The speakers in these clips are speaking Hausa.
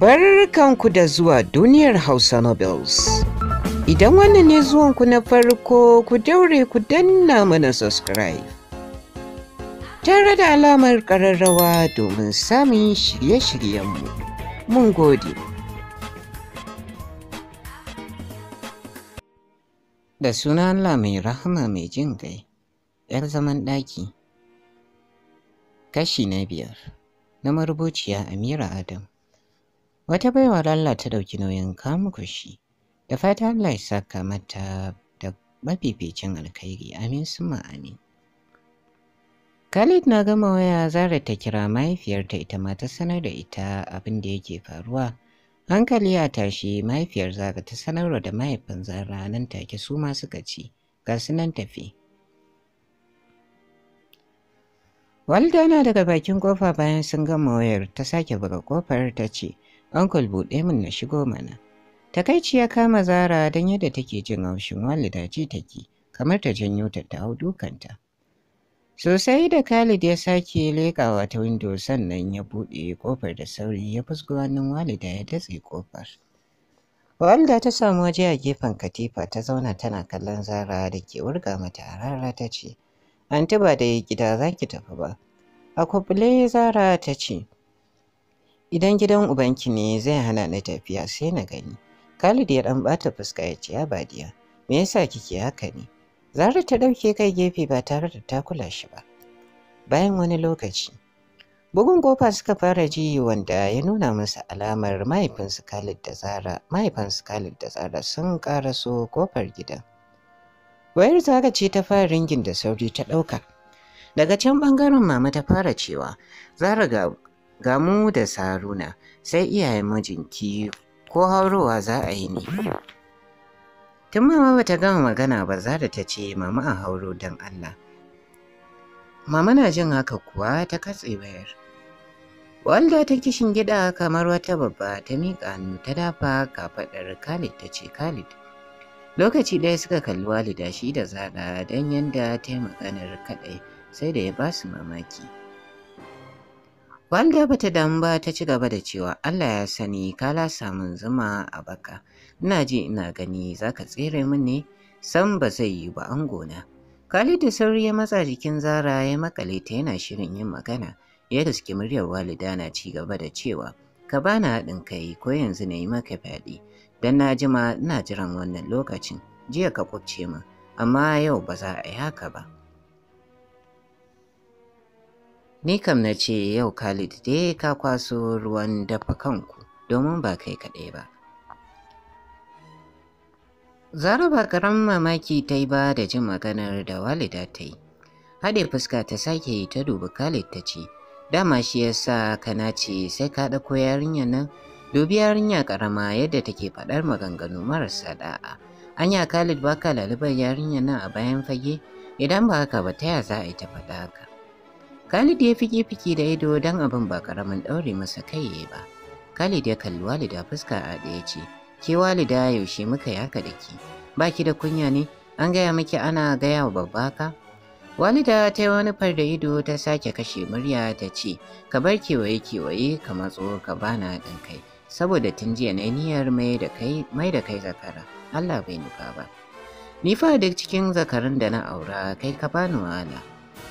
Barkanku da zuwa duniyar Hausa Nobles. Idan wannan ne zuwanku na farko ku daure ku danna mana subscribe. Tare da alamar ƙararrawa domin samun shirye-shiryenmu. Mun gode. Da suna Allah mai rahama mai jin gai, ‘yar zaman ɗaki, kashi na biyar na marubuciya Amira Adam. Wata baiwa Allah ta ɗauki nauyin kawo kushi Da fata Allah ya saka mata da mafificin alkhairi. Amin suma amin. Khalid na gama waya Zara ta kira mahaifiyarta ita ma ta sanar da ita abin da yake faruwa. Hankali ya tashi mahaifiyar Zara ta sanarwa da mahaifin Zara nan take su ma suka ci. Ga su nan tafi. Walda na daga bakin kofa bayan sun gama wayar ta sake buga kofar ta ce, Uncle buɗe min na shigo mana. Takaici ya kama Zara don yadda take jin haushin walida ji take, kamar ta janyo ta ta dukanta. Sosai da Khalid ya sake leƙawa ta windo sannan ya buɗe kofar da sauri ya fusgo hannun walida ya datse kofar Walida ta samu waje a gefen katifa ta zauna tana kallon Zara da ke wurga mata a rara ta ce, Anti ba da gida za ki tafi ba. A kubule Zara ta ce, Idan gidan ubanki ne zai hana ni tafiya sai na gani. Khalid ya ɗan bata fuska ya ce ya badiya. Me yasa kike haka ne? Zara ta ɗauke kai gefe ba tare da takula shi ba. Bayan wani lokaci, bugun kofa suka fara ji wanda ya nuna musu alamar mahaifinsu Khalid da Zara, su Khalid da Zara sun karaso kofar gidan. Wayar Zara ce ta fara ringin da sauri ta ɗauka. Daga can bangaren mama ta fara cewa, Zara ga ga mu da saruna sai iyayen mijinki ko haurowa za a yi ne tun mama bata gama magana ba zada ta ce mama a hauro don allah mama na jin haka kuwa ta katse bayar walda ta kishin gida kamar wata babba ta miƙa hannu ta dafa kafaɗar khalid ta ce khalid lokaci ɗaya suka kalli walida shi da zaɗa don yanda ta yi maganar kaɗai sai da ya ba su mamaki Wanda bata ta damu ba ta ci gaba da cewa Allah ya sani ka lasa min zuma a baka. Ina ji ina gani za ka tsere min ne san ba zai yi ba an gona. Khalidu sauri ya matsa jikin Zara ya makale ta yana shirin yin magana. Ya suke muryar walida na ci gaba da cewa ka bani haɗin kai ko yanzu na yi maka fyaɗe. Dan na jima ina jiran wannan lokacin jiya ka kubce min amma yau ba za a yi haka ba. Ni kam na ce yau Khalid dai ka kwaso ruwan dafa kanku domin ba kai kaɗai ba. Zara ba karan mamaki ta yi ba da jin maganar da walida ta yi. Haɗe fuska ta sake yi ta dubi Khalid ta ce, dama shi ya sa na ce sai ka ɗauko yarinya nan dubi yarinya ƙarama yadda take faɗar maganganu marasa da'a anya khalid ba ka lalibar yarinya nan a bayan fage idan ba haka ba ta ya za a yi ta faɗa haka Khalid ya fiki-fiki da ido don abin ba karamin ɗaure masa kai yayi ba. Khalid ya kalli walida fuska a ɗaya ce, ke walida yaushe muka yaka da ki, ba ki da kunya ne, an gaya miki ana gaya wa babba ka? Walida ta yi wani da ido ta sake kashe murya ta ce, ka bar kewaye-kewaye ka matso ka bana haɗin kai, saboda tun jiya na niyyar mai da kai zakara, Allah bai nufa ba. Ni fa duk cikin zakarin da na aura kai ka bani wahala.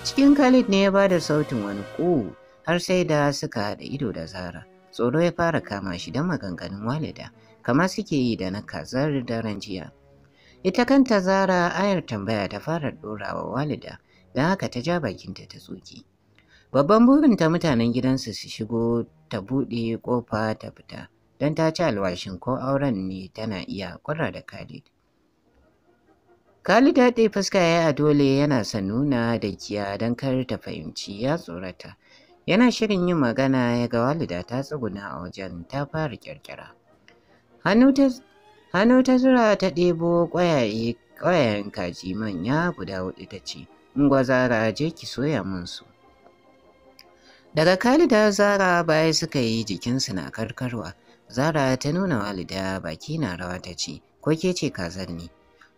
Cikin Khalid ne ya ba da sautin wani ƙuhu har sai da suka haɗa ido da Zara. Tsoro ya fara kama shi don maganganun walida, kama suke yi da na kazar daren jiya. Ita kanta Zara ayar tambaya ta fara ɗorawa walida, don haka ta ja bakinta ta tsoki. Babban ta mutanen gidansu su shigo ta buɗe ƙofa ta fita, don ta ci alwashin ko auren ne tana iya ƙwara da Khalid. Khalid ɗaya fuska ya a dole yana sa nuna da kiya don kar ta fahimci ya tsorata. Yana shirin yin magana ya ga walida ta tsuguna a wajen ta fara ƙirƙira. Hannu ta zura ta ɗebo ƙwayayen kaji manya guda huɗu ta ce, zara, je ki soya mun su. Daga Khalida Zara baya suka yi jikinsu na karkarwa. Zara ta nuna walida baki na rawa ta ce, ko ke ce kazar ne?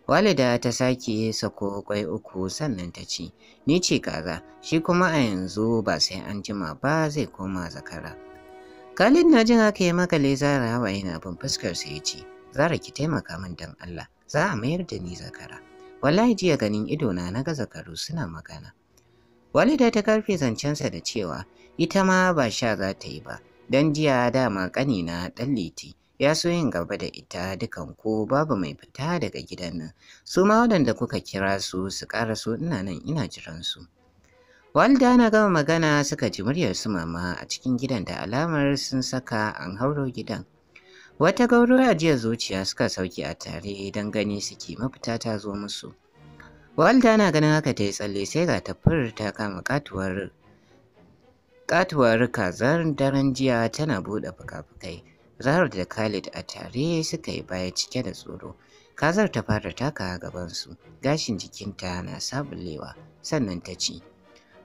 Walida ta sake sako kwai uku sannan ta ce, Ni ce kaza, shi kuma a yanzu ba sai an jima ba zai koma zakara. Khalid na jin haka ya makale Zara hawa yana bin fuskarsa ya ce, Zara ki taimaka min dan Allah, za a mayar da ni zakara. Wallahi jiya ganin ido na ga zakaru suna magana. Walida ta karfe zancensa da cewa, ita ma ba sha za ta yi ba, don jiya dama ƙanina ɗan ya so yin gaba da ita dukan ko babu mai fita daga gidan nan su ma waɗanda kuka kira su su ƙara so ina nan ina jiran su walda na gama magana suka ji muryar su mama a cikin gidan da alamar sun saka an hauro gidan wata gauro jiya zuciya suka sauke a tare don gani suke mafita ta zo musu walda na ganin haka ta yi tsalle sai ga tafiyar ta kama katuwar katuwar kazar daren jiya tana buɗe fuka-fukai Zahar da Khalid a tare suka yi baya cike da tsoro. Kazar ta fara taka gabansu, gashin jikinta na sabulewa, sannan ta ce,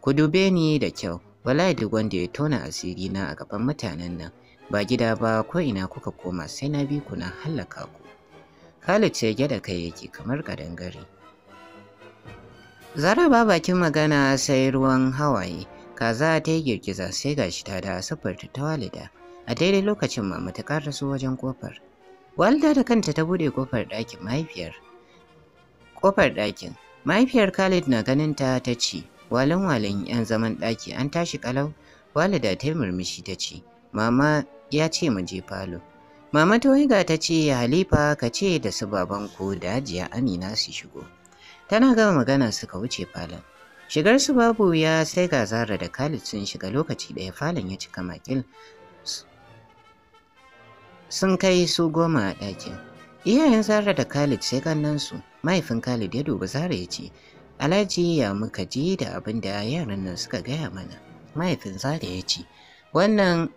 Ku dube ni da kyau, wallahi duk wanda ya tona asiri na a gaban mutanen nan, ba gida ba ko ina kuka koma sai na bi ku na hallaka ku. Khalid ce gyada kai yake kamar kadangare. Zara ba bakin magana sai ruwan hawaye, kaza ta yi girgiza sai gashi ta da siffarta ta walida. a daidai lokacin mama ta karaso wajen kofar walda da kanta ta bude kofar ɗakin mahaifiyar kofar ɗakin mahaifiyar khalid na ganin ta ta ce walin walin yan zaman ɗaki an tashi kalau walida ta yi murmushi ta ce mama ya ce mu je falo mama ta ta ce halifa ka ce da su baban ko da hajiya amina su shigo tana gama magana suka wuce falon shigar su babu ya sai ga zara da khalid sun shiga lokaci ɗaya falon ya cika makil sun kai su goma a ɗakin iyayen zara da khalid sai kannansu mahaifin khalid ya duba zara ya ce alhaji ya muka ji da abin da yaran nan suka gaya mana mahaifin zara ya ce wannan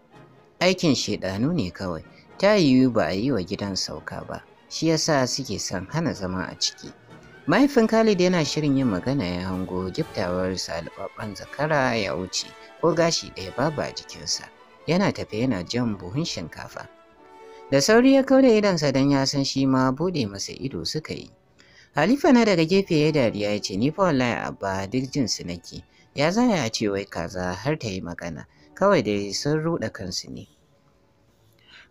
aikin shaidanu ne kawai ta yiwu ba a yi wa gidan sauka ba shi yasa suke son hana zama a ciki mahaifin khalid yana shirin yin magana ya hango giftawar salibabban zakara ya wuce ko gashi ɗaya babu a jikinsa yana tafe yana jan buhun shinkafa Da sauri ya kauda idonsa don ya san shi ma bude masa ido suka yi. Halifa na daga gefe ya dariya ya ce ni fa wallahi abba duk jin su nake. Ya zaya a ce wai kaza har ta yi magana. Kawai dai sun ruɗa kansu ne.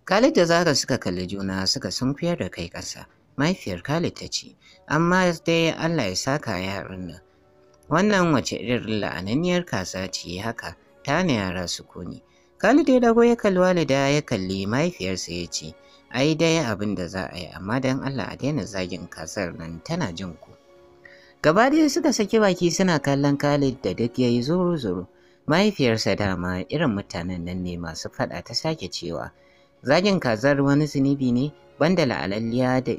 Khalid da zaka suka kalli juna suka sunkuyar da kai ƙasa. Mahaifiyar Khalid ta ce, amma dai Allah ya saka yaran nan. Wannan wace irin la'ananniyar kaza ce haka, ta ne yara su kuni. Khalid ya dago ya kalli walida ya kalli mahaifiyarsa ya ce, Ai dai abin da za a yi amma don Allah a daina zagin kasar nan tana jin ku. Gaba ɗaya suka saki baki suna kallon Khalid da duk ya yi zuru-zuru. Mahaifiyarsa dama irin mutanen nan ne masu faɗa ta sake cewa, Zagin kazar wani zunubi ne banda la'alalliya da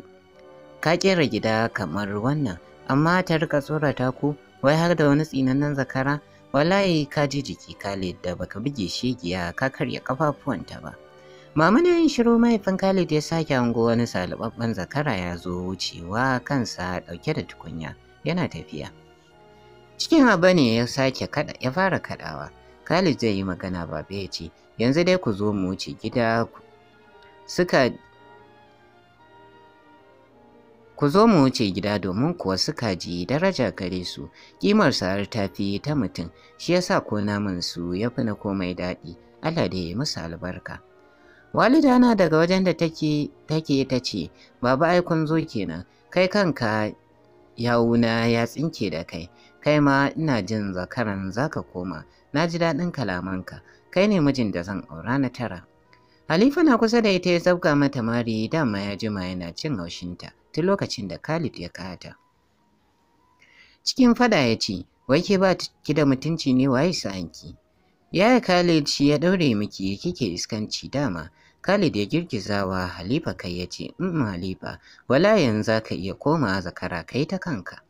ka kera gida kamar wannan, amma ta rika tsorata ku wai har da wani tsinannen zakara wallahi ka ji jiki Khalid da baka buge shegiya ka karya kafafuwanta ba Mama yin shiru mahaifin Khalid ya sake hango wani salibabban zakara ya zo wucewa kansa dauke da tukunya yana tafiya. Cikin haba ne ya sake kada ya fara kadawa. Khalid zai yi magana ba ya ce yanzu dai ku zo mu wuce gida suka Ku zo mu wuce gida domin kuwa suka ji daraja gare su, kimar har ta fi ta mutum, shi yasa ko naman su ya fi na komai daɗi, Allah da ya musu albarka. Walida na daga wajen da take take ta ce, Baba ai kun zo kenan, kai kanka yawuna ya tsinke da kai, kai ma ina jin zakaran zaka koma, na ji daɗin kalamanka, kai ne mijin da zan aura na tara. Halifa na kusa da ita ya zabga mata mari dama ya jima yana cin haushinta. tun lokacin da Khalid ya kata. Cikin fada ya ce, wai ke ba ki da mutunci ne waye sa'anki. Yaya Khalid shi ya ɗaure miki kike iskanci dama. Khalid ya girgizawa Halifa kai ya ce, "Mm Halifa, wala yanzu za ka iya koma zakara kai ta kanka."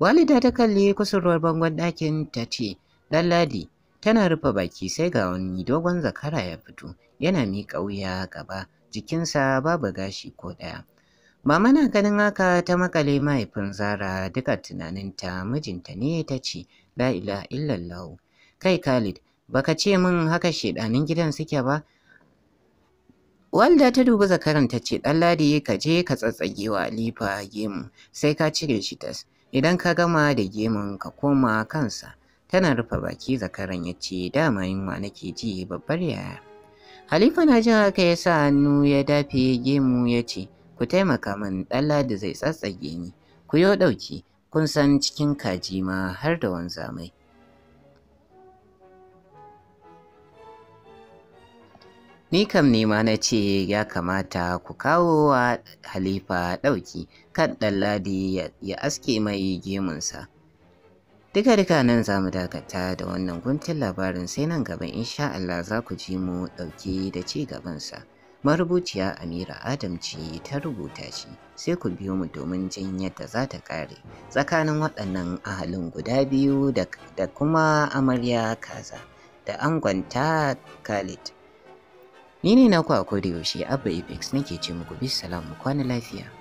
Walida ta kalli kusurwar bangon ɗakin ta ce, ɗan Ladi, tana rufe baki sai ga wani dogon zakara ya fito, yana miƙa wuya gaba, jikinsa babu gashi ko ɗaya." Mama na ganin haka ta makale mahaifin Zara duka tunaninta mijinta ne ta ce la ilaha illallah. Kai Khalid, baka ce min haka shedanin gidan suke ba? Walda ta dubi zakaran ta ce ɗan ladi ka je ka tsatsage wa Alifa gemu sai ka cire shi tas. Idan ka gama da gemun ka koma kansa. Tana rufe baki zakaran ya ce dama yunwa nake ji babbar yaya. Halifa na jin haka ya sa hannu ya dafe gemu ya ce ku taimaka min ɗanladi zai tsatsage ni ku yo ɗauki kun san cikin kaji ma har da wanzamai Ni kam nema na ce ya kamata ku kawo wa Halifa ɗauki kan ɗanladi ya aske mai gemunsa. Duka duka nan za mu dakata da wannan guntun labarin sai nan gaba insha Allah za ku ji mu ɗauki da ci gabansa. Marubuciya Amira Adam ce ta rubuta shi, sai ku biyo mu domin jin yadda za ta ƙare tsakanin waɗannan ahalin guda biyu da kuma amarya kaza da angonta Khalid. Ni ne naku a yaushe Abba Apex nake ce muku bisalamu mu kwana lafiya.